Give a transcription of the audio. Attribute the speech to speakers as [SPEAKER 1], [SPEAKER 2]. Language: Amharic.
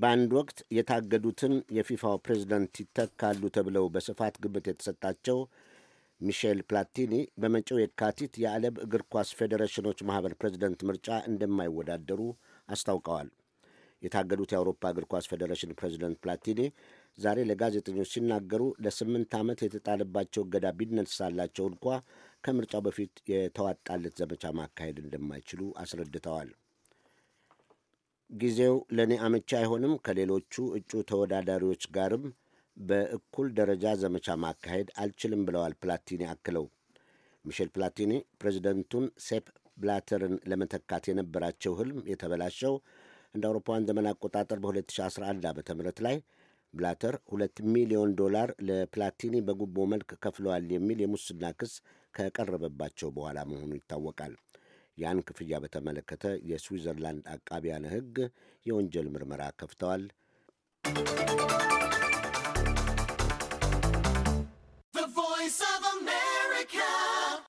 [SPEAKER 1] በአንድ ወቅት የታገዱትን የፊፋው ፕሬዝደንት ይተካሉ ተብለው በስፋት ግምት የተሰጣቸው ሚሼል ፕላቲኒ በመጪው የካቲት የዓለም እግር ኳስ ፌዴሬሽኖች ማኅበር ፕሬዝደንት ምርጫ እንደማይወዳደሩ አስታውቀዋል። የታገዱት የአውሮፓ እግር ኳስ ፌዴሬሽን ፕሬዚደንት ፕላቲኒ ዛሬ ለጋዜጠኞች ሲናገሩ ለስምንት ዓመት የተጣለባቸው እገዳ ቢነሳላቸው እንኳ ከምርጫው በፊት የተዋጣለት ዘመቻ ማካሄድ እንደማይችሉ አስረድተዋል። ጊዜው ለእኔ አመቺ አይሆንም፣ ከሌሎቹ እጩ ተወዳዳሪዎች ጋርም በእኩል ደረጃ ዘመቻ ማካሄድ አልችልም ብለዋል ፕላቲኒ አክለው። ሚሼል ፕላቲኒ ፕሬዚደንቱን ሴፕ ብላተርን ለመተካት የነበራቸው ህልም የተበላሸው እንደ አውሮፓውያን ዘመን አቆጣጠር በ2011 ዓ ም ላይ ብላተር ሁለት ሚሊዮን ዶላር ለፕላቲኒ በጉቦ መልክ ከፍለዋል የሚል የሙስና ክስ ከቀረበባቸው በኋላ መሆኑ ይታወቃል። ያን ክፍያ በተመለከተ የስዊዘርላንድ አቃቢያነ ሕግ የወንጀል ምርመራ ከፍተዋል።